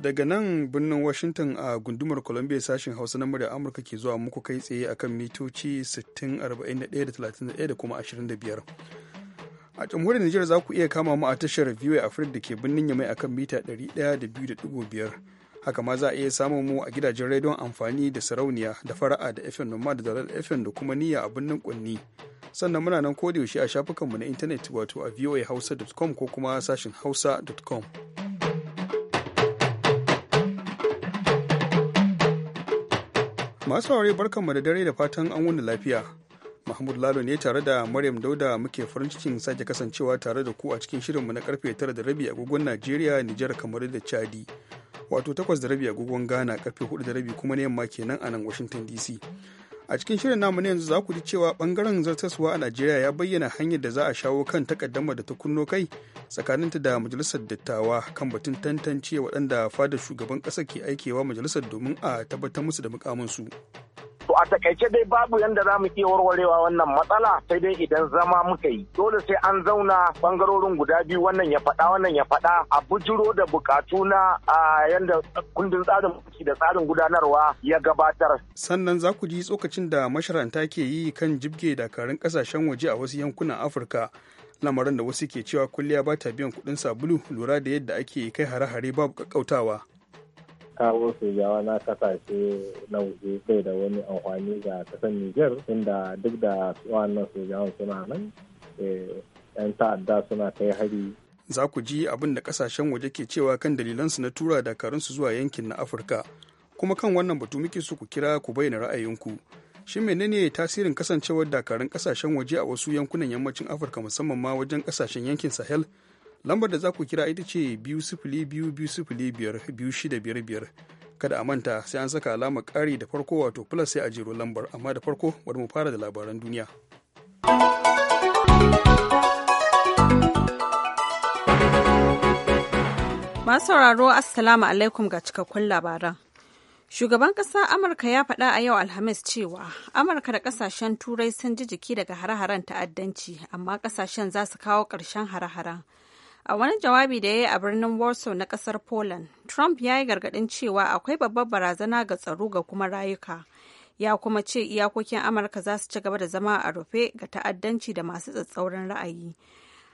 daga nan birnin washington a gundumar columbia sashen hausa na murya amurka ke zuwa muku kai tsaye akan mitoci 6041 da kuma 25 a jamhuriyar nijar za ku iya kama mu a tashar viewer africa da ke birnin yamai akan mita 102.5 haka ma za a iya samun mu a gidajen rediyon amfani da sarauniya da fara'a da fm noma da dalal fm da kuma niyya a birnin kunni sannan muna nan yaushe a shafukanmu na intanet wato a voahausa.com ko kuma sashen hausa.com Masu saurare mu da dare da fatan an wuni lafiya. Mahmud Lalo ne tare da Maryam Dauda muke farin cikin sake kasancewa tare da ku a cikin shirinmu na karfe 9 da rabi agogon Najeriya, Nijar, kamar da Chadi. Wato 8 da rabi agogon Ghana, karfe 4 da rabi kuma na yamma kenan a nan Washington DC. a cikin shirin namu yanzu za ku ji cewa bangaren zartaswa a najeriya ya bayyana hanyar da za a shawo kan takaddama da ta kunno kai tsakaninta da majalisar dattawa kan batun tantance waɗanda fadar shugaban ƙasa ke aikewa majalisar domin a tabbatar musu da mukaminsu. su To a takaice dai babu yadda za mu iya warwarewa wannan matsala sai dai idan zama muka yi. Dole sai an zauna bangarorin guda biyu wannan ya faɗa wannan ya faɗa a bujiro da bukatu na yanda kundin tsarin mulki da tsarin gudanarwa ya gabatar. Sannan za ku ji tsokacin da masharanta ke yi kan jibge dakarun ƙasashen waje a wasu yankunan Afirka. lamarin da wasu ke cewa kulliya ba ta biyan kuɗin sabulu lura da yadda ake kai hare-hare babu kakkautawa. kawo sojawa na kasashe na waje sai da wani amfani ga kasar Nijar inda duk da wannan sojawan suna nan eh, yan ta'adda suna kai hari. Za ku ji abin da kasashen waje ke cewa kan dalilansu na tura dakarunsu zuwa yankin na Afirka. Kuma kan wannan batu muke su ku kira ku bayyana ra'ayinku. Shin menene tasirin kasancewar dakarun kasashen waje a wasu yankunan yammacin Afirka musamman ma wajen kasashen yankin Sahel? lambar da za ku kira ita ce biyu sifili biyu biyu sifili kada a manta sai an saka alamar ƙari da farko wato plus sai a jero lambar amma da farko bari mu fara da labaran duniya masu sauraro assalamu alaikum ga cikakkun labaran Shugaban ƙasa Amurka ya faɗa a yau Alhamis cewa Amurka da ƙasashen Turai sun ji jiki daga hare-haren ta'addanci, amma ƙasashen za su kawo ƙarshen hare-haren A wani jawabi da ya yi a birnin Warsaw na kasar Poland, Trump ya yi gargaɗin cewa akwai babbar barazana ga tsaro ga kuma rayuka. Ya kuma ce iyakokin Amurka za su ci gaba da zama a rufe ga ta'addanci da masu tsatsauran ra'ayi.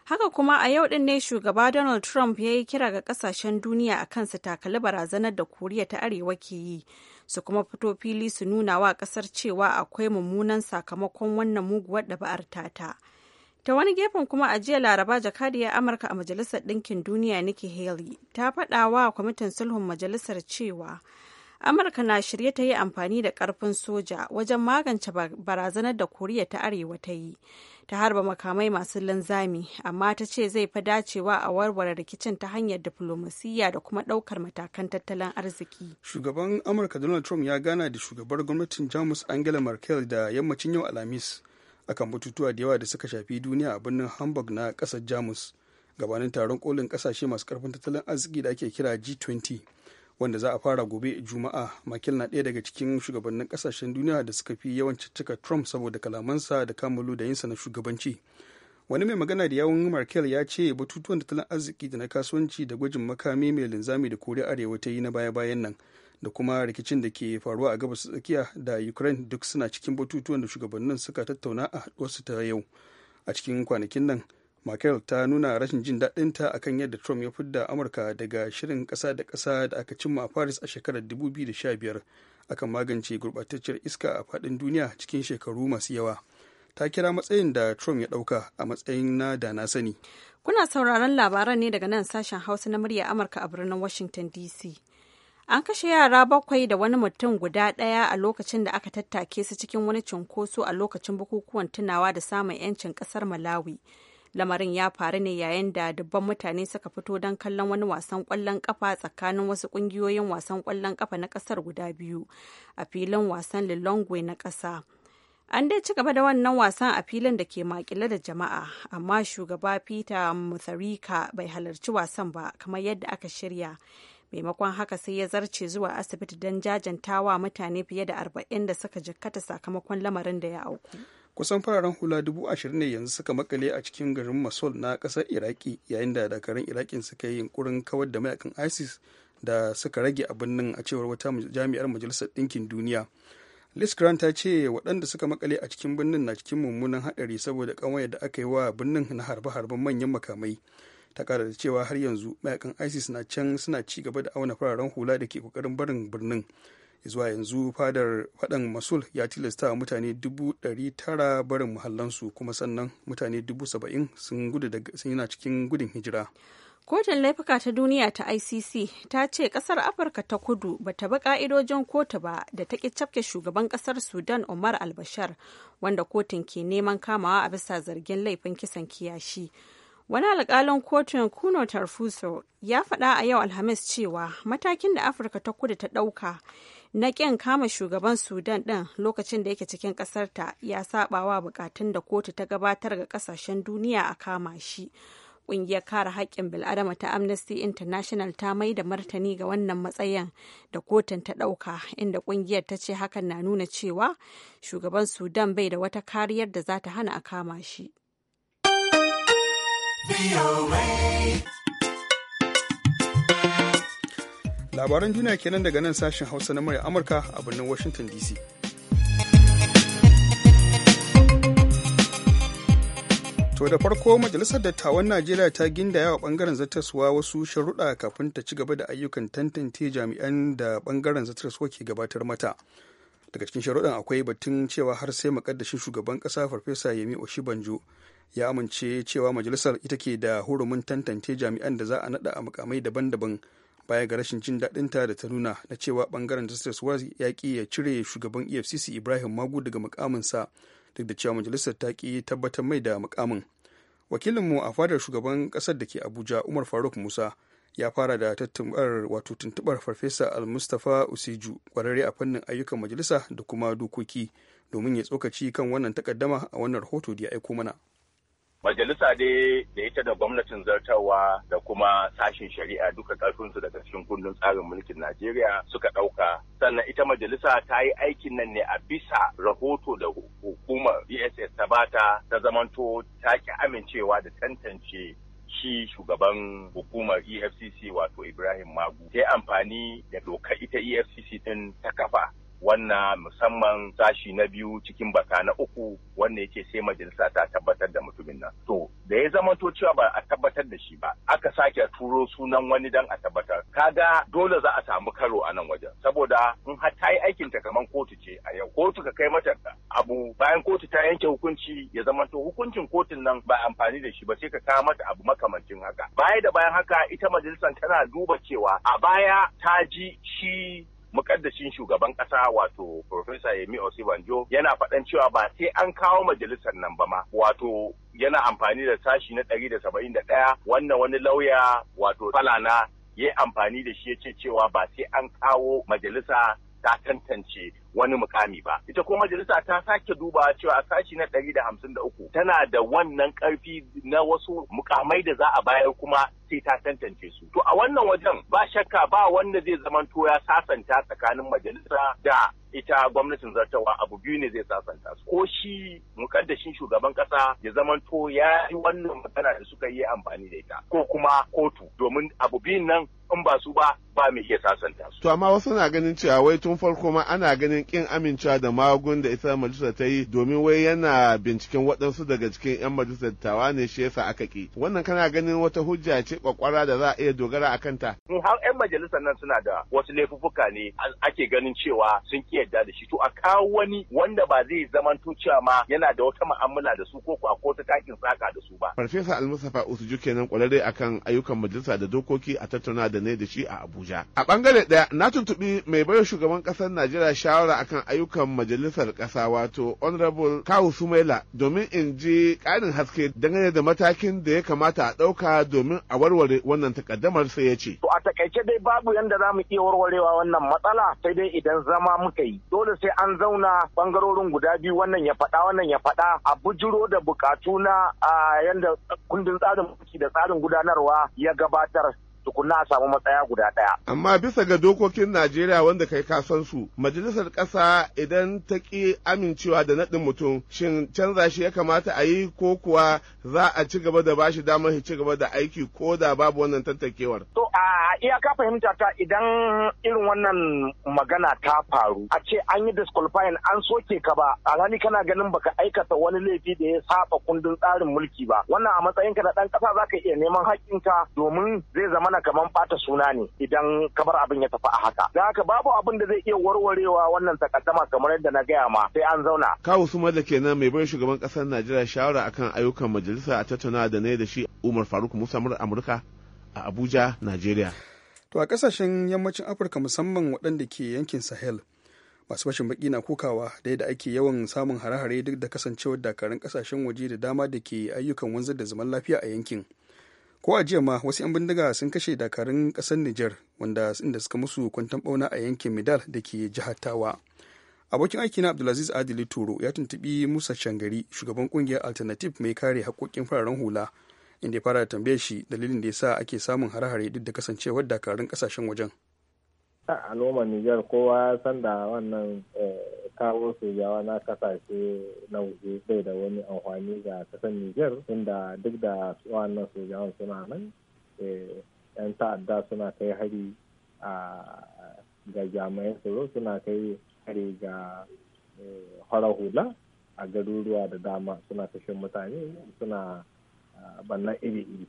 Haka kuma a yau din ne shugaba Donald Trump ya yi kira ga kasashen duniya a kan su takali barazanar da Koriya ta Arewa ke yi, su kuma fito fili su nuna wa kasar cewa akwai mummunan sakamakon wannan muguwar da ba'ar tata. ta. ta wani gefen kuma a jiya laraba jakadiyar amurka a majalisar ɗinkin duniya nikki haley ta faɗa wa kwamitin sulhun majalisar cewa amurka na shirye ta yi amfani da ƙarfin soja wajen magance barazanar da koriya ta arewa ta yi ta harba makamai masu linzami amma ta ce zai fi dacewa a warware rikicin ta hanyar diflomasiyya da kuma ɗaukar matakan tattalin arziki shugaban amurka donald trump ya gana da shugabar gwamnatin jamus angela merkel da yammacin yau alhamis akan batutuwa da yawa da suka shafi duniya a birnin hamburg na kasar jamus gabanin taron kolin kasashe masu karfin tattalin arziki da ake kira g20 wanda za a fara gobe juma'a makil na ɗaya daga cikin shugabannin kasashen duniya da suka fi yawan cika trump saboda kalamansa da kamalu da yinsa na shugabanci wani mai magana da yawon markel ya ce batutuwan tattalin arziki da na kasuwanci da gwajin makami mai linzami da koriya arewa ta yi na baya-bayan nan da kuma rikicin da ke faruwa a gabas tsakiya da ukraine duk suna cikin batutuwan da shugabannin suka tattauna a wasu ta yau a cikin kwanakin nan Merkel ta nuna rashin jin daɗinta akan yadda Trump ya fidda Amurka daga shirin ƙasa da ƙasa da aka cimma a Paris a shekarar 2015 akan magance gurɓatacciyar iska a faɗin duniya cikin shekaru masu yawa. Ta kira matsayin da Trump ya ɗauka a matsayin na da na sani. Kuna sauraron labaran ne daga nan sashen Hausa na murya Amurka a birnin Washington DC. An kashe yara bakwai da wani mutum guda ɗaya a lokacin da aka tattake su cikin wani cunkoso a lokacin bukukuwan tunawa da samun 'yancin ƙasar Malawi. Lamarin ya faru ne yayin da dubban mutane suka fito don kallon wani wasan ƙwallon ƙafa tsakanin wasu ƙungiyoyin wasan ƙwallon ƙafa na ƙasar guda biyu a filin wasan Lilongwe na ƙasa. An dai ci gaba da wannan wasan a filin da ke makile da jama'a, amma shugaba Peter Mutharika bai halarci wasan ba kamar yadda aka shirya. maimakon haka sai ya zarce zuwa asibiti don jajantawa mutane fiye da arba'in da suka jikkata sakamakon lamarin da ya auku kusan fararen hula dubu ashirin ne yanzu suka makale a cikin garin masol na kasar iraki yayin da dakarun irakin suka yi yunkurin kawar da mayakan isis da suka rage a birnin a cewar wata jami'ar majalisar ɗinkin duniya liz grant ta ce waɗanda suka makale a cikin birnin na cikin mummunan haɗari saboda ƙawayar da aka yi wa birnin na harbe-harben manyan makamai ta kara da cewa har yanzu mayakan isis na can suna ci gaba da auna fararen hula da ke kokarin barin birnin zuwa yanzu fadar fadan masul ya tilasta mutane dubu dari tara barin muhallansu kuma sannan mutane dubu saba'in sun gudu da sun yana cikin gudun hijira kotun laifuka ta duniya ta icc ta ce kasar afirka ta kudu ba ta bi ka'idojin kotu ba da ta ki cafke shugaban kasar sudan umar albashar wanda kotun ke neman kamawa a bisa zargin laifin kisan kiyashi Wani alkalin kotun Kuno Tarfuso ya faɗa a yau Alhamis cewa matakin da Afirka ta kudu ta ɗauka na ƙin kama shugaban Sudan ɗin lokacin da yake cikin ƙasarta ya saɓawa buƙatun da kotu ta gabatar ga ƙasashen duniya a kama shi. Ƙungiyar kare haƙƙin bil'adama ta Amnesty International ta mai da martani ga wannan matsayin da kotun ta ɗauka, inda ƙungiyar ta ce hakan na nuna cewa shugaban Sudan bai da wata kariyar da za ta hana a kama shi. Labaran duniya kenan daga nan sashen Hausa na murya Amurka a birnin Washington DC. To da farko Majalisar Dattawan Najeriya ta gindaya wa bangaren zartaswa wasu sharuɗa kafin ta ci gaba da ayyukan tantance jami'an da bangaren zartaswa ke gabatar mata. daga cikin sharuɗan akwai batun cewa har sai makaddashin shugaban ƙasa farfesa yemi oshibanjo ya amince cewa majalisar ita ke da hurumin tantance jami'an da za a naɗa a mukamai daban-daban baya ga rashin jin daɗinta da ta nuna na cewa ɓangaren justice wars ya ƙi ya cire shugaban efcc ibrahim magu daga mukaminsa duk da cewa majalisar ta ƙi tabbatar mai da mukamin wakilinmu a fadar shugaban ƙasar da ke abuja umar faruk musa ya fara da tattabar wato tuntubar farfesa almustapha usiju kwararre a fannin ayyukan majalisa da kuma dokoki domin ya tsokaci kan wannan takaddama a wannan rahoto da ya aiko mana majalisa dai da ita da gwamnatin zartawa da kuma sashen shari'a duka ƙarfinsu daga cikin kundin tsarin mulkin najeriya suka ɗauka sannan ita majalisa ta yi aikin nan ne a bisa rahoto da hukumar bss e ta bata ta zamanto ta ki amincewa da tantance shi shugaban hukumar EFCC wato Ibrahim Magu sai amfani da doka ita EFCC ɗin ta kafa wannan musamman sashi na biyu cikin baka na uku wanda yake sai majalisa ta tabbatar da mutumin nan to da ya zama to cewa ba a tabbatar da shi ba aka sake turo sunan wani dan a tabbatar kaga dole za a samu karo a nan wajen saboda in har ta yi aikin ta kamar kotu ce a yau kotu ka kai mata abu bayan kotu ta yanke hukunci ya zama to hukuncin kotun nan ba amfani da shi ba sai ka kawo mata abu makamancin haka baya da bayan haka ita majalisar tana duba cewa a baya ta ji shi mukaddashin shugaban kasa wato Profesa Yemi Osibanjo yana faɗan cewa ba sai an kawo majalisar nan ba ma wato yana amfani da sashi na ɗari da saba'in da ɗaya wannan wani lauya wato falana ya yi amfani da shi ya ce cewa ba sai an kawo majalisa ta tantance wani mukami ba ita kuma majalisa ta sake duba cewa a sashi na ɗari da hamsin da uku tana da wannan ƙarfi na wasu mukamai da za a bayar kuma sai ta tantance su to a wannan wajen ba shakka ba wanda zai zamanto ya sasanta tsakanin majalisa da ita gwamnatin zartawa abu biyu ne zai sasanta su ko shi mukaddashin shugaban kasa ya zamanto ya yi wannan magana da suka yi amfani da ita ko kuma kotu domin abu biyun nan in ba su ba ba mai iya sasanta su. To amma wasu na ganin cewa wai tun farko ma ana ganin kin amincewa da magun da ita majalisar ta yi domin wai yana binciken waɗansu daga cikin 'yan majalisar tawa ne shi yasa aka ki wannan kana ganin wata hujja ce kwakwara da za a iya dogara a kanta. in har 'yan majalisar nan suna da wasu laifuffuka ne ake ganin cewa sun ki yadda da shi to a kawo wani wanda ba zai zamanto cewa ma yana da wata mu'amala da su ko a ko ta takin saka da su ba. farfesa almusafa usuju kenan kwararre akan ayyukan majalisa da dokoki a tattauna da ne da shi a abuja. a bangare ɗaya na tuntuɓi mai bayar shugaban ƙasar najeriya shawara akan ayyukan majalisar ƙasa wato honorable kawu sumaila domin in ji ƙarin haske dangane da matakin da ya kamata a ɗauka domin a warware wannan takaddamar sai ya ce. To a takaice dai babu yanda za mu iya warwarewa wannan matsala sai dai idan zama muka yi dole sai an zauna bangarorin guda biyu wannan ya faɗa wannan ya faɗa a bujiro da bukatu na yadda kundin tsarin mulki da tsarin gudanarwa ya gabatar tukunna a samu matsaya guda ɗaya. Amma bisa ga dokokin Najeriya wanda kai ka san su, majalisar ƙasa idan ta ƙi amincewa da naɗin mutum, shin canza shi ya kamata a yi ko kuwa za a ci gaba da bashi damar ci gaba da aiki ko da babu wannan tattakewar. To a iyaka fahimta ta idan irin wannan magana ta faru a ce an yi disqualifying an soke ka ba alhali kana ganin baka aikata wani laifi da ya saba kundin tsarin mulki ba wannan a matsayinka na ɗan ƙasa za ka iya neman haƙƙinka domin zai zama mana kaman bata suna ne idan kamar abin ya tafi a haka da haka babu abin da zai iya warwarewa wannan takaddama kamar yadda na gaya ma sai an zauna Kawu su da kenan mai bai shugaban kasar najeriya shawara akan ayyukan majalisa a tattauna da ne da shi umar faruk musa amurka a abuja najeriya to a kasashen yammacin afirka musamman waɗanda ke yankin sahel masu fashin baki na kokawa da yadda ake yawan samun hare-hare duk da kasancewar dakarun kasashen waje da dama da ke ayyukan wanzar da zaman lafiya a yankin ko a jiya ma wasu 'yan bindiga sun kashe dakarun kasar niger wanda inda suka musu kwantan bauna a yankin midal da ke jihar tawa abokin aiki na abdulaziz adili turo ya tuntubi musa shangari shugaban kungiyar alternative mai kare haƙoƙin fararen hula inda ya fara tambayar shi dalilin da ya sa ake samun hare-hare duk da kasancewar dakarun kasashen wajen a noma Nijar kowa san da wannan eh, kawo sojawa na kasashe na waje bai da wani amfani ga kasar Nijar inda duk da wannan sojawan suna nan eh, yan ta'adda suna kai hari a ga jami'an tsaro suna kai hari ga hara eh, hula a garuruwa da dama suna kashe mutane suna ah, banna iri-iri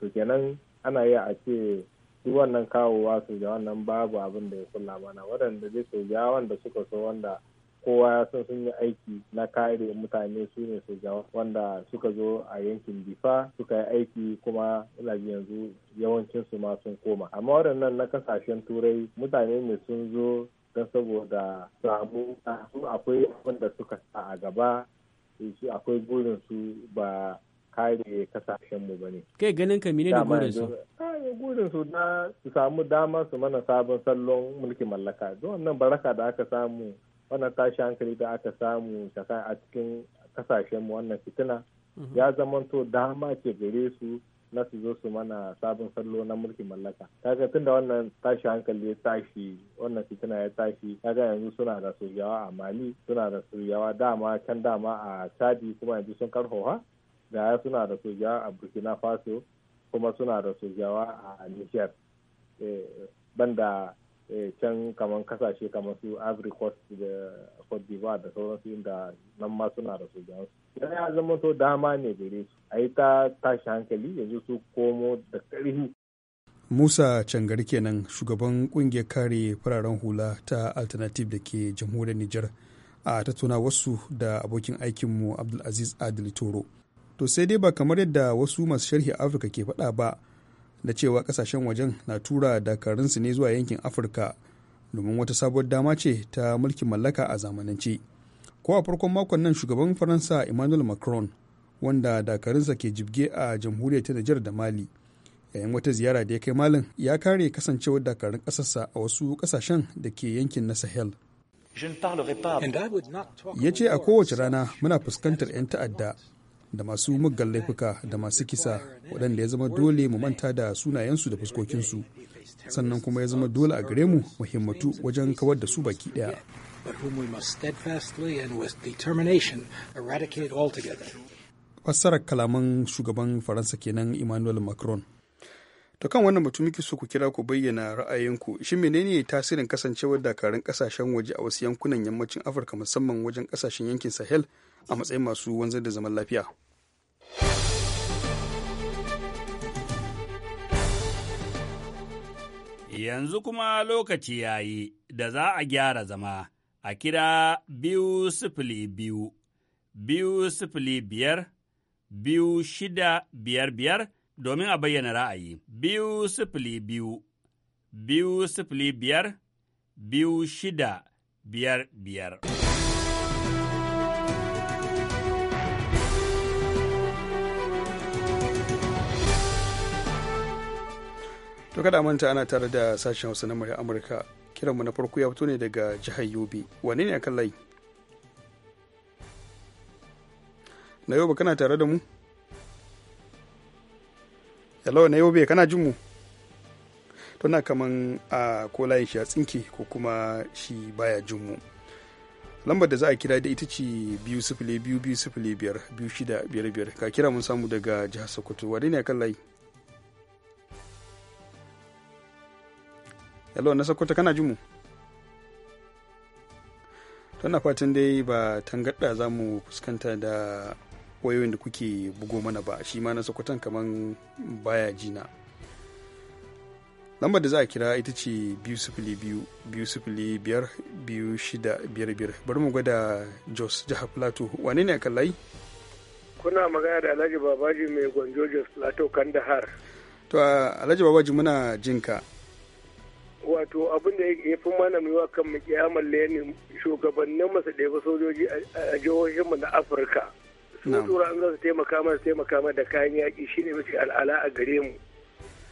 to kenan ana yi a ce duk wannan kawowa su ja wannan babu abin da ya kula mana waɗanda dai su ja wanda suka so wanda kowa ya san sun yi aiki na kare mutane su ne su ja wanda suka zo a yankin difa suka yi aiki kuma ina ji yanzu yawancin su ma sun koma amma waɗannan na kasashen turai mutane ne sun zo don saboda samu akwai abin da suka sa a gaba akwai burin su ba kare kasashen mu bane Kai ganin ka mine ne gurin su? gurin su na su samu dama su mana sabon sallon mulkin mallaka. Don wannan baraka da aka samu wannan tashi hankali da aka samu a cikin kasashenmu wannan fitina mhm. ya zama to dama ce gare su na su zo su mana sabon sallo na mulkin mallaka kaga tun da wannan tashi hankali ya tashi wannan fitina ya tashi kaga yanzu suna da sojawa a mali suna da sojawa dama can dama a chadi kuma yanzu sun karhoha gaya suna da sojawa a burkina faso kuma suna da sojawa a niger eh, banda eh, can kamar kasashe kamar su ivory coast da cote d'ivoire da sauransu inda nan ma suna da sojawa yana ya zama to dama ne gare su a yi ta tashi hankali yanzu su komo da ƙarfi musa cangari kenan shugaban kungiyar kare fararen hula ta alternative da ke jamhuriyar niger a tattauna wasu da abokin aikinmu abdulaziz adil toro to sai dai ba kamar yadda wasu masu sharhi afirka ke faɗa ba da cewa kasashen wajen na tura dakarunsu ne zuwa yankin afirka domin wata sabuwar dama ce ta mulkin mallaka a zamanance ko a farkon makon nan shugaban faransa emmanuel macron wanda dakarunsa ke jibge a jamhuriyar ta nijar da mali yayin wata ziyara da ya kai malin ya kare kasancewar dakarun kasarsa a wasu ƙasashen da ke yankin na sahel ya ce a kowace rana muna fuskantar 'yan ta'adda da masu muggan laifuka da masu kisa waɗanda ya zama dole mu manta da sunayensu da fuskokinsu sannan kuma ya zama dole a gare mu muhimmatu wajen kawar da su baki ɗaya. fassarar kalaman shugaban faransa kenan emmanuel macron to kan wannan batu muke so ku kira ku bayyana ra'ayinku shi menene tasirin kasancewar dakarun kasashen waje a wasu yankunan yammacin afirka musamman wajen kasashen yankin sahel a matsayin masu wanzar da zaman lafiya yanzu kuma lokaci ya yi da za a gyara zama a kira biyu sifili biyu, biyu sifili biyar, biyu shida biyar biyar domin a bayyana ra'ayi, biyu sifili biyu, biyu sifili biyar, biyu shida biyar biyar. to kada manta ana tare da sashen hausa na murya amurka kiranmu na farko ya fito ne daga jihar yobe wane ne akan layi na yobe kana tare da mu hello na yobe kana jin mu to na kaman a ko layin shi a tsinke ko kuma shi baya jin mu lambar da za a kira da ita ce biyu sifili biyu biyu sifili biyar biyu shida biyar biyar ka kira mun samu daga jihar sokoto wane ne akan layi yalo na sokoto kana jimu tana fatan dai ba tangadda za mu fuskanta da wayoyin da kuke bugo mana ba shi ma na sokoton kaman baya jina lambar da za a kira ita ce biyu sifili biyu biyu sifili biyar biyu shida biyar biyar bari mu gwada jos jihar plateau wane ne a kallai. kuna magana da alhaji babaji mai gwanjo jos da kandahar to alhaji babaji muna jinka wato abin da ya fi mana mai wa kan makiyamar lenin shugabannin masu ɗaya sojoji a jihohinmu na afirka su tura an zasu su taimaka mana taimaka mana da kayan yaƙi shine mace al'ala a gare mu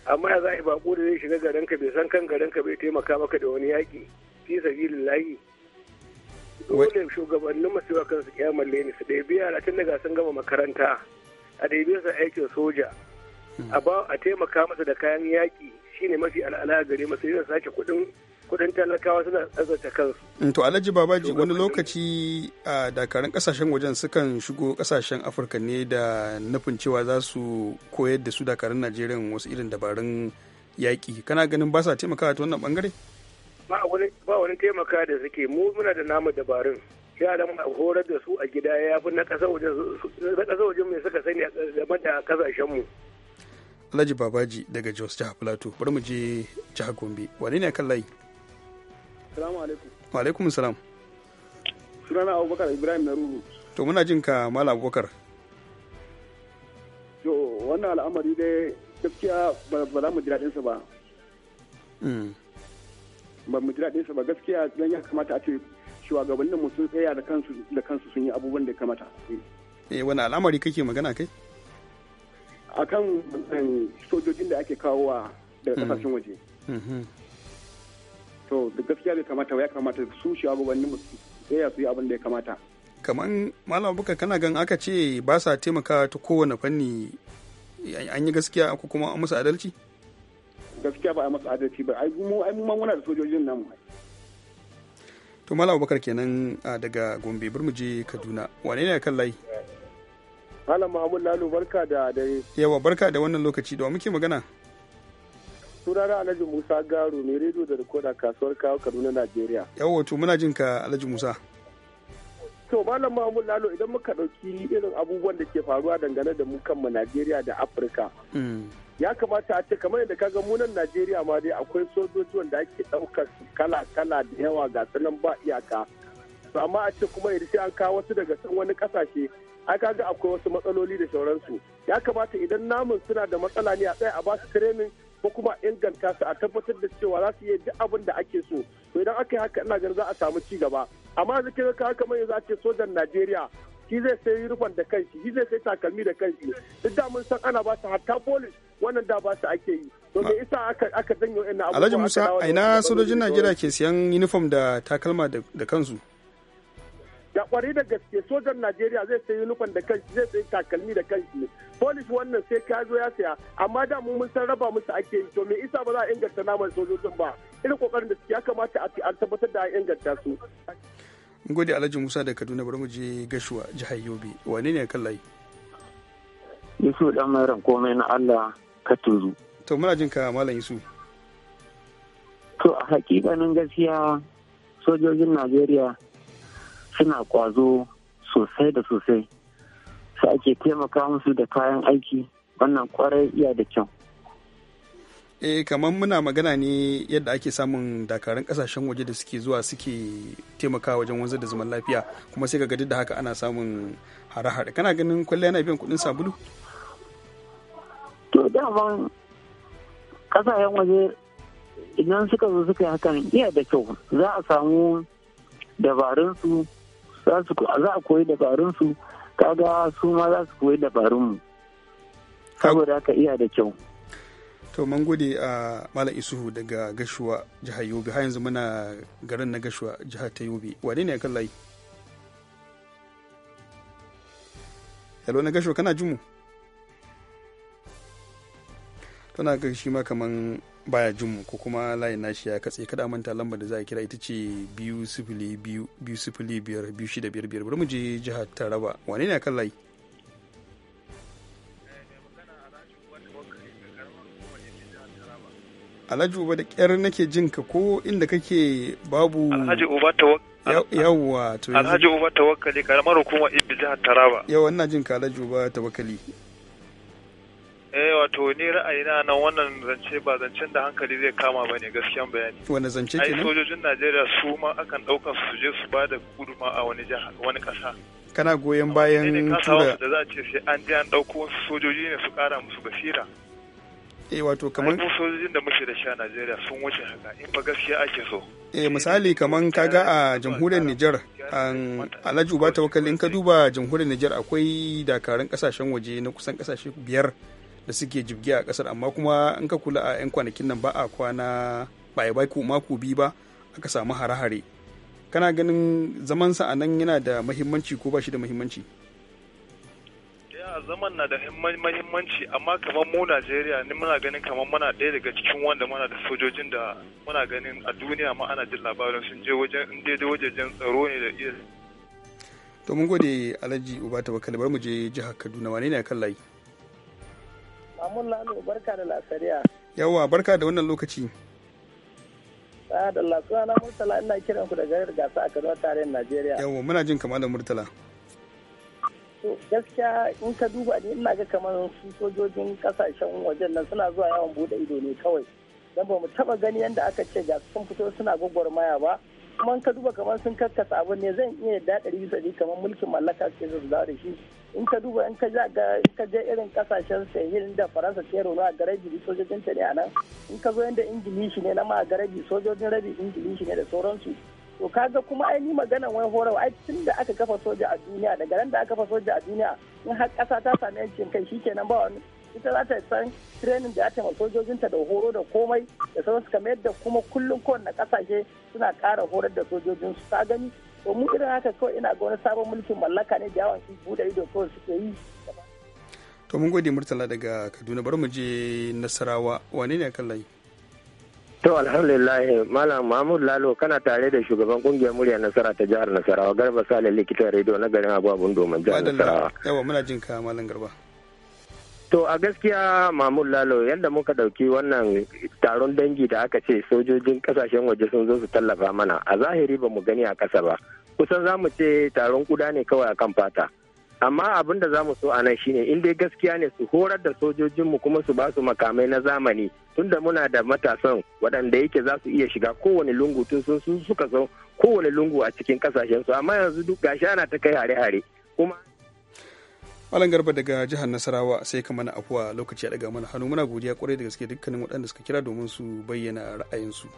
amma ya za a yi baƙo da zai shiga garin ka bai san kan garin ka bai taimaka maka da wani yaƙi fi sabilin layi dole shugabannin masu wa kansu kiyamar lenin su ɗaya biya tun daga sun gama makaranta a ɗaya su aikin soja a hmm. taimaka masa da kayan yaƙi ne mafi al'ala gare masu yana sake kuɗin kudin talakawa suna tsazata kansu. Mm, to Alhaji Babaji wani lokaci a dakarun kasashen wajen sukan shigo kasashen Afirka ne da nufin cewa za su koyar da su dakarun Najeriya wasu irin dabarun yaƙi. Kana ganin ba sa taimakawa ta wannan bangare? Ba wani taimaka da suke mu muna da namu dabarun. yaran mu horar da su a gida ya fi na ƙasa wajen mai suka sani game da kasashenmu. mu. Alhaji Babaji daga Jos jihar Plateau. Bari mu je jihar Gombe. Wane ne kan layi? Salamu alaikum. Wa alaikum salam. Sunana Abubakar Ibrahim na Ruru. To muna jin ka Malam Abubakar. To wannan al'amari dai gaskiya ba za mu ji daɗin sa ba. Hmm. Ba mu ji daɗin sa ba gaskiya zan ya kamata a ce shugabannin mu sun tsaya da kansu da kansu sun yi abubuwan da ya kamata. Eh wani al'amari kake magana kai? akan eh, sojojin da ake kawowa daga hmm. kasashen waje hmm. to da gaskiya bai kamata ya kamata su musu tsaya su yi abin da ya kamata kaman malam buka kana gan aka ce ba sa taimakawa ta kowane fanni an yi gaskiya ko kuma an musu adalci gaskiya ba a musu adalci ba ai mu ai mu muna da sojojin nan to malam bakar kenan daga gombe bar je kaduna wane ne kan layi Malam Muhammad Lalu barka da dare. Yawa barka da wannan lokaci da muke magana. Sunana Alhaji Musa Garu mai rediyo da rikoda kasuwar kawo Kaduna Najeriya. Yawa wato muna jin ka Alhaji Musa. To Malam Muhammad Lalo idan muka ɗauki irin abubuwan da ke faruwa dangane da mu kanmu Najeriya da Afirka. Mm. Ya kamata a ce kamar yadda kaga munan Najeriya ma dai akwai sojoji wanda ake ɗaukar kala-kala da yawa ga sanan ba iyaka. To amma a ce kuma idan sai an kawo wasu daga san wani ƙasashe ai kaga akwai wasu matsaloli da sauransu ya kamata idan namun suna da matsala ne a tsaya a basu training ko kuma inganta su a tabbatar da cewa za su iya duk abin da ake so to idan aka yi haka ina ganin za a samu ci gaba amma yanzu kin ka haka mai za ce sojan Najeriya shi zai sai rufan da kanshi shi zai sai takalmi da kanshi duk da mun san ana ba su hatta polish wannan da ba su ake yi to me yasa aka aka danyo ina abubuwa Alhaji Musa a ina sojojin Najeriya ke siyan uniform da takalma da kansu da kwari da gaske sojan najeriya zai sayi nufan da kanshi zai sayi takalmi da kanshi polish wannan sai ka zo ya saya amma da mu mun san raba musu ake yi to me isa ba za a inganta naman sojojin ba irin kokarin da suke ya kamata a tabbatar da a inganta su gode alhaji musa da kaduna bari mu je gashuwa jihar yobe wane ne kan layi yusu dan mai ran komai na allah ka tuzu to muna jin ka malam yusu to a hakikanin gaskiya sojojin najeriya suna kwazo sosai da sosai su ake taimaka musu da kayan aiki wannan kwarai iya da kyau eh kamar muna magana ne yadda ake samun dakarun kasashen waje da suke zuwa suke taimaka wajen wanzar da zaman lafiya kuma sai ka duk da haka ana samun hare-hare kana ganin kwalliya yana biyan kudin sabulu to daman kasashen waje idan suka zo suka yi hakan iya da kyau za a samu dabarunsu za a koyi su kaga su ma za su koyi mu saboda haka iya da kyau to mun gode a malam isuhu daga gashuwa jihar yobe har yanzu muna garin na gashuwa jihar ta yobe wane ne kan layi hello na gashuwa kana jimu mu tana ga shi ma kaman baya jin mu ko kuma layin nashi ya katse kada manta lamba da za a kira ita ce biyu sifili biyu biyu sifili biyar biyu shida biyar biyar bari mu je jihar taraba wane ne kan layi Alhaji Uba da kyar nake jin ka ko inda kake babu Alhaji Uba ta yawwa to Alhaji Uba wakali karamar hukumar Ibbi jihar Taraba yawwa ina jin ka Alhaji Uba wakali. eh wato ni ra'ayina nan wannan zance ba zancen da hankali zai kama ba ne gaskiyan bayani wani zance kenan ai sojojin Najeriya su ma akan daukan su je su ba da guduma a wani jaha wani kasa kana goyon bayan tura da za a ce sai an je an dauko wasu sojoji ne su kara musu basira eh wato kamar ai sojojin da muke da shi a Najeriya sun wuce haka in ba gaskiya ake so eh misali kaman kaga a jamhuriyar Nijar an Alhaji ubata Tawakkal in ka duba jamhuriyar Nijar akwai dakarun kasashen waje na kusan kasashe biyar da suke jibge a kasar amma kuma in ka kula a 'yan kwanakin nan ba a kwana ba bai ku mako biyu ba aka samu hare kana ganin zaman sa a nan yana da mahimmanci ko ba shi da mahimmanci zaman na da mahimmanci amma kamar mu Najeriya ni muna ganin kamar muna ɗaya daga cikin wanda muna da sojojin da muna ganin a duniya ma ana jin labarin sun je wajen in dai wajejen tsaro ne da iya to mun gode Alhaji Uba Tabakal bari mu je jihar Kaduna wane ne kan layi Mamun Lalo barka da lasariya. Yawwa barka da wannan lokaci. da lasuwa na Murtala ina kiran ku da garin gasa a Kano Najeriya. Yawwa muna jin kama da Murtala. To gaskiya in ka duba ne ina ga kamar su sojojin kasashen wajen nan suna zuwa yawon bude ido ne kawai. Dan ba mu taba gani yadda aka ce ga sun fito suna gwagwarmaya ba. Kuma in ka duba kamar sun karkasa abin ne zan iya daɗari bisa kamar mulkin mallaka suke zuwa da shi. in ka duba in ka ja ga in ka je irin kasashen sahil da faransa ke yaro a garaji sojojin ta ne a nan in ka zo yadda ingilishi ne na ma garaji sojojin rabi ingilishi ne da sauransu to kaga kuma ainihin maganar wani wai wa ai tun da aka kafa soja a duniya daga nan da aka kafa soja a duniya in har kasa ta sami yancin kai shikenan ba wani ita za ta san training da ya taimaka sojojinta da horo da komai da sauransu kamar yadda kuma kullum kowanne kasashe suna kara horar da sojojinsu ta gani ko mu irin haka so ina ga wani sabon mulkin mallaka ne da yawan shi bude ido kawai suke yi to mun gode murtala daga kaduna bari mu je nasarawa wane ne kan layi to alhamdulillah malam mahmud lalo kana tare da shugaban kungiyar murya nasara ta jihar nasarawa garba sale likitan rediyo na garin abubuwan domin jihar nasarawa yawa muna jin ka malam garba To a gaskiya Mamun Lalo yadda muka ɗauki wannan taron dangi da aka ce sojojin ƙasashen waje sun zo su tallafa mana a zahiri ba mu gani a ƙasa ba. Kusan za mu ce taron kuda ne kawai akan fata. Amma abin da za mu so a nan shine in dai gaskiya ne su horar da sojojinmu kuma su ba su makamai na zamani tunda muna da matasan waɗanda yake za su iya shiga kowane lungu tun sun suka zo kowane lungu a cikin kasashen su amma yanzu duk gashi ana ta kai hare-hare kuma Malam Garba daga jihar Nasarawa sai ka mana afuwa lokaci ya daga mana hannu muna godiya kwarai da gaske dukkanin waɗanda suka kira domin su bayyana ra'ayinsu.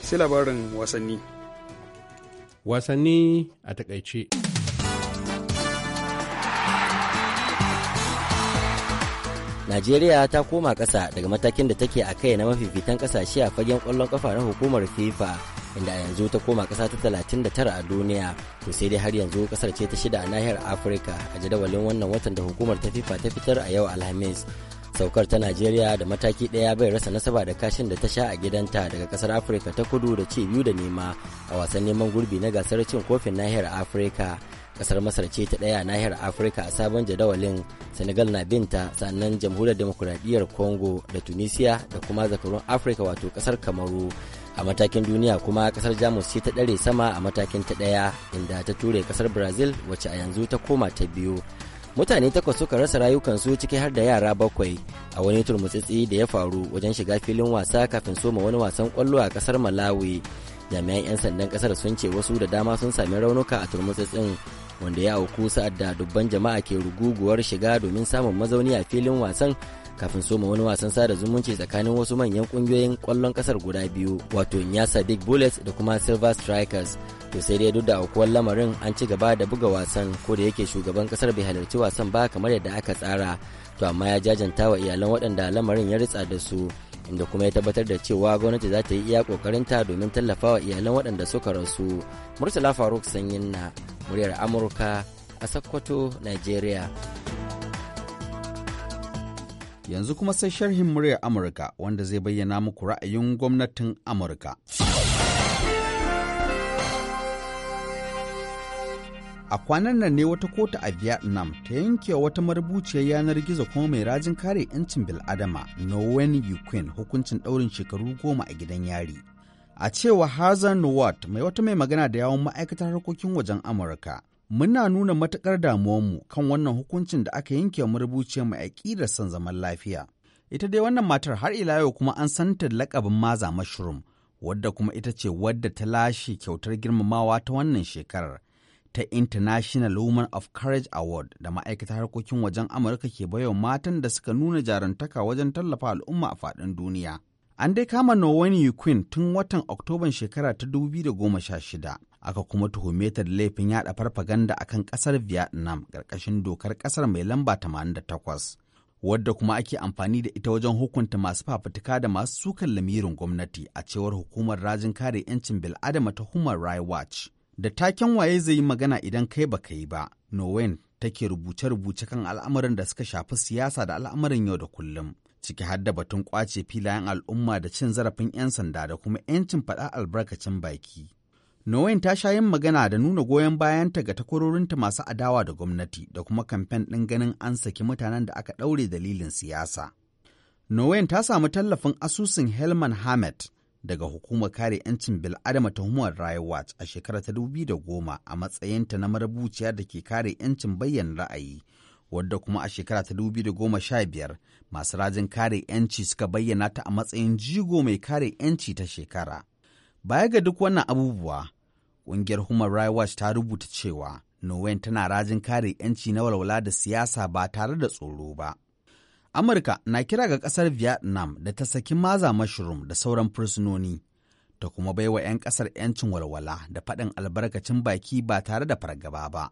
Sai labarin wasanni. Wasanni a takaice. Najeriya ta koma ƙasa daga matakin da take a kai na mafifitan ƙasashe a fagen ƙwallon ƙafa na hukumar FIFA inda a yanzu ta koma ƙasa ta 39 a duniya to sai dai har yanzu ƙasar ce ta shida a nahiyar Afirka a jadawalin wannan watan da hukumar ta FIFA ta fitar a yau Alhamis. Saukar ta Najeriya da mataki ɗaya bai rasa nasaba da kashin da ta sha a gidanta daga ƙasar Afirka ta kudu da ci biyu da nema a wasan neman gurbi na gasar cin kofin nahiyar Afirka. kasar masar ce ta ɗaya nahiyar afirka a sabon jadawalin senegal na binta sannan jamhuriyar demokuraɗiyyar congo da tunisia da kuma zakarun afirka wato kasar kamaru a matakin duniya kuma kasar jamus ce ta ɗare sama a matakin ta ɗaya inda ta ture kasar brazil wacce a yanzu ta koma ta biyu mutane takwas suka rasa rayukansu ciki har da yara bakwai a wani turmutsitsi da ya faru wajen shiga filin wasa kafin soma wani wasan kwallo a kasar malawi jami'an 'yan sandan kasar sun ce wasu da dama sun sami raunuka a turmutsitsin wanda ya auku sa'ad da dubban jama'a ke ruguguwar shiga domin samun mazauni a filin wasan kafin soma wani wasan sada zumunci tsakanin wasu manyan kungiyoyin kwallon kasar guda biyu wato nyasa big bullets da kuma silver strikers to sai dai duk da aukuwar lamarin an ci gaba da buga wasan ko da yake shugaban kasar bai halarci wasan ba kamar yadda aka tsara to amma ya jajanta wa iyalan waɗanda lamarin ya ritsa da su inda kuma ya tabbatar da cewa gwamnati za ta yi iya kokarinta domin tallafawa iyalan waɗanda suka rasu murtala faruk sanyin na muryar amurka a sakkwato nigeria yanzu kuma sai sharhin muryar amurka wanda zai bayyana muku ra'ayin gwamnatin amurka a kwanan nan ne wata kotu a vietnam ta yanke wata marubuciyar yanar gizo kuma mai rajin kare 'yancin bil'adama nowen ukraine hukuncin ɗaurin shekaru goma a gidan yari a cewa hazard nowat mai wata mai magana da yawon ma'aikatar harkokin wajen amurka muna nuna matuƙar damuwanmu kan wannan hukuncin da aka yanke marubuciyar mai aƙidar son zaman lafiya ita dai wannan matar har ila yau kuma an ta da lakabin maza mushroom wadda kuma ita ce wadda ta lashe kyautar girmamawa ta wannan shekarar ta International Women of Courage Award da ma'aikatar harkokin wajen Amurka ke baiwa matan da suka nuna jarantaka wajen tallafa al'umma a faɗin duniya. An dai kama Nowani Queen tun watan Oktoban shekara ta 2016, aka kuma tuhume ta da laifin yada farfaganda a kan ƙasar Vietnam ƙarƙashin dokar ƙasar mai lamba 88, wadda kuma ake amfani da ita wajen hukunta masu fafutuka da masu sukan lamirin gwamnati a cewar hukumar rajin kare 'yancin bil'adama ta Human Rights Watch. da taken waye zai yi magana idan kai ba ka yi ba nowen take rubuce-rubuce kan al'amuran da suka shafi siyasa da al'amuran yau da kullum ciki har da batun kwace filayen al'umma da cin zarafin 'yan sanda da kuma 'yancin faɗa albarkacin baki nowen ta sha yin magana da nuna goyon bayanta ga takwarorinta masu adawa da gwamnati da kuma kamfen ɗin ganin an saki mutanen da aka ɗaure dalilin siyasa nowen ta samu tallafin asusun helman hamet daga hukumar kare 'yancin bil'adama ta Human Rights Watch a shekarar ta 2010 a matsayinta na marabuciya da ke kare 'yancin bayyana ra'ayi, wadda kuma a shekara ta da sha biyar, masu rajin kare 'yanci suka bayyana ta a matsayin jigo mai kare 'yanci ta shekara. Baya ga duk wannan abubuwa, ƙungiyar Human Rights Watch ta rubuta cewa Nowen tana rajin kare 'yanci na walwala da siyasa ba tare da tsoro ba. Amurka na kira ga ƙasar Vietnam da ta saki maza mushroom da sauran fursunoni, ta kuma baiwa 'yan ƙasar 'yancin walwala da faɗin albarkacin baki ba tare da fargaba ba.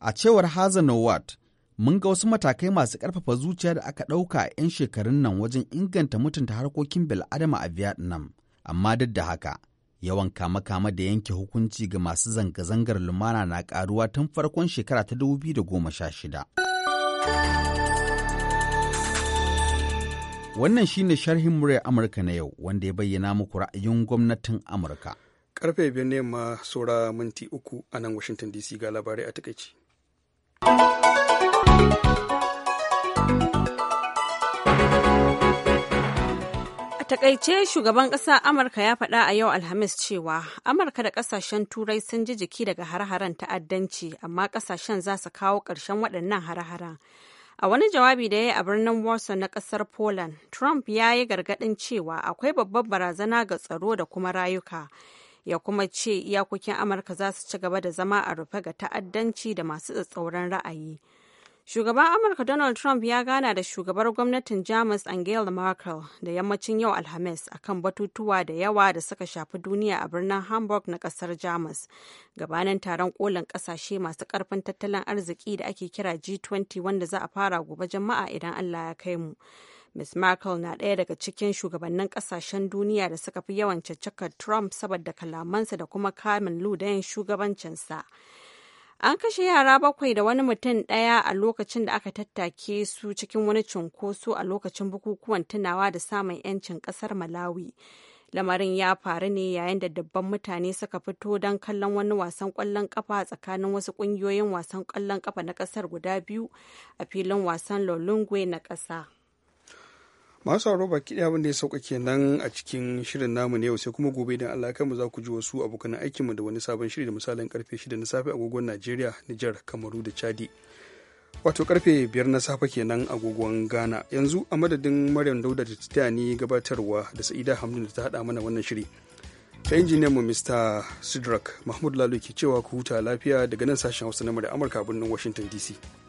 A cewar Hazenowat, mun ga wasu matakai masu ƙarfafa zuciya da aka ɗauka a 'yan shekarun nan wajen inganta mutunta harkokin bil'adama a Vietnam, amma duk da haka, yawan kama-kama da yanke hukunci ga masu zanga-zangar lumana na ƙaruwa tun farkon shekara ta 2016. Wannan shine sharhin murya Amurka na yau wanda ya bayyana muku ra'ayin gwamnatin Amurka. Karfe biyar ne ma saura minti uku a nan Washington DC ga labarai a takaici. takaice shugaban ƙasa amurka ya faɗa a yau alhamis cewa amurka da ƙasashen turai sun ji jiki daga har haren ta'addanci amma ƙasashen za su kawo ƙarshen waɗannan har haren A wani jawabi da ya yi a birnin Warsaw na ƙasar Poland, Trump ya yi gargaɗin cewa akwai babbar barazana ga tsaro da kuma rayuka. Ya kuma ce iyakokin Amurka za su ci gaba da zama a rufe ga ta'addanci da masu tsatsauran ra'ayi. Shugaban Amurka Donald Trump ya gana da shugabar gwamnatin Jamus Angela Merkel da yammacin yau Alhamis akan batutuwa da yawa da suka shafi duniya a birnin Hamburg na kasar Jamus. Gabanin taron kolin kasashe masu karfin tattalin arziki da ake kira G20 wanda za a fara gobe jama'a idan Allah ya kai mu. Ms. Merkel na ɗaya daga cikin shugabannin ƙasashen duniya da suka fi yawan caccakar Trump saboda kalamansa da kuma kamin ludayin shugabancinsa. An kashe yara bakwai da wani mutum ɗaya a lokacin da aka tattake su cikin wani cunkoso a lokacin bukukuwan tunawa da samun 'yancin ƙasar Malawi. Lamarin ya faru ne yayin da dabban mutane suka fito don kallon wani wasan ƙwallon ƙafa tsakanin wasu ƙungiyoyin wasan ƙwallon ƙafa na ƙasar guda biyu a filin wasan Lolongwe na ƙasa. masu sauraro baki ɗaya wanda ya sauka kenan a cikin shirin namu na yau sai kuma gobe idan Allah kai mu za ku ji wasu abokan aikinmu da wani sabon shiri da misalin karfe shida na safe agogon Najeriya, Nijar, Kamaru da Chadi. Wato karfe 5 na safe kenan agogon Ghana. Yanzu a madadin Maryam Dauda da ta ni gabatarwa da Sa'ida Hamdu da ta haɗa mana wannan shiri. Ta injiniyan mu Mr. Sidrak Mahmud lalu ke cewa ku huta lafiya daga nan sashen Hausa na Amurka birnin Washington DC.